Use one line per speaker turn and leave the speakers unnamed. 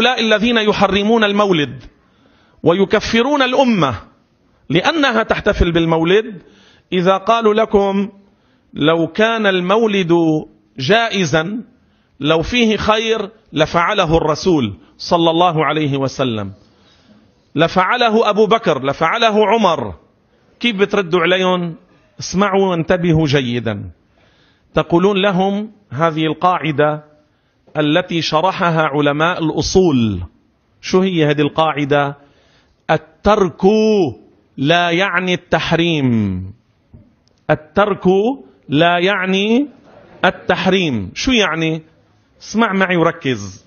هؤلاء الذين يحرمون المولد ويكفرون الأمة لأنها تحتفل بالمولد إذا قالوا لكم لو كان المولد جائزا لو فيه خير لفعله الرسول صلى الله عليه وسلم لفعله أبو بكر لفعله عمر كيف بتردوا عليهم اسمعوا وانتبهوا جيدا تقولون لهم هذه القاعدة التي شرحها علماء الأصول شو هي هذه القاعدة الترك لا يعني التحريم الترك لا يعني التحريم شو يعني اسمع معي وركز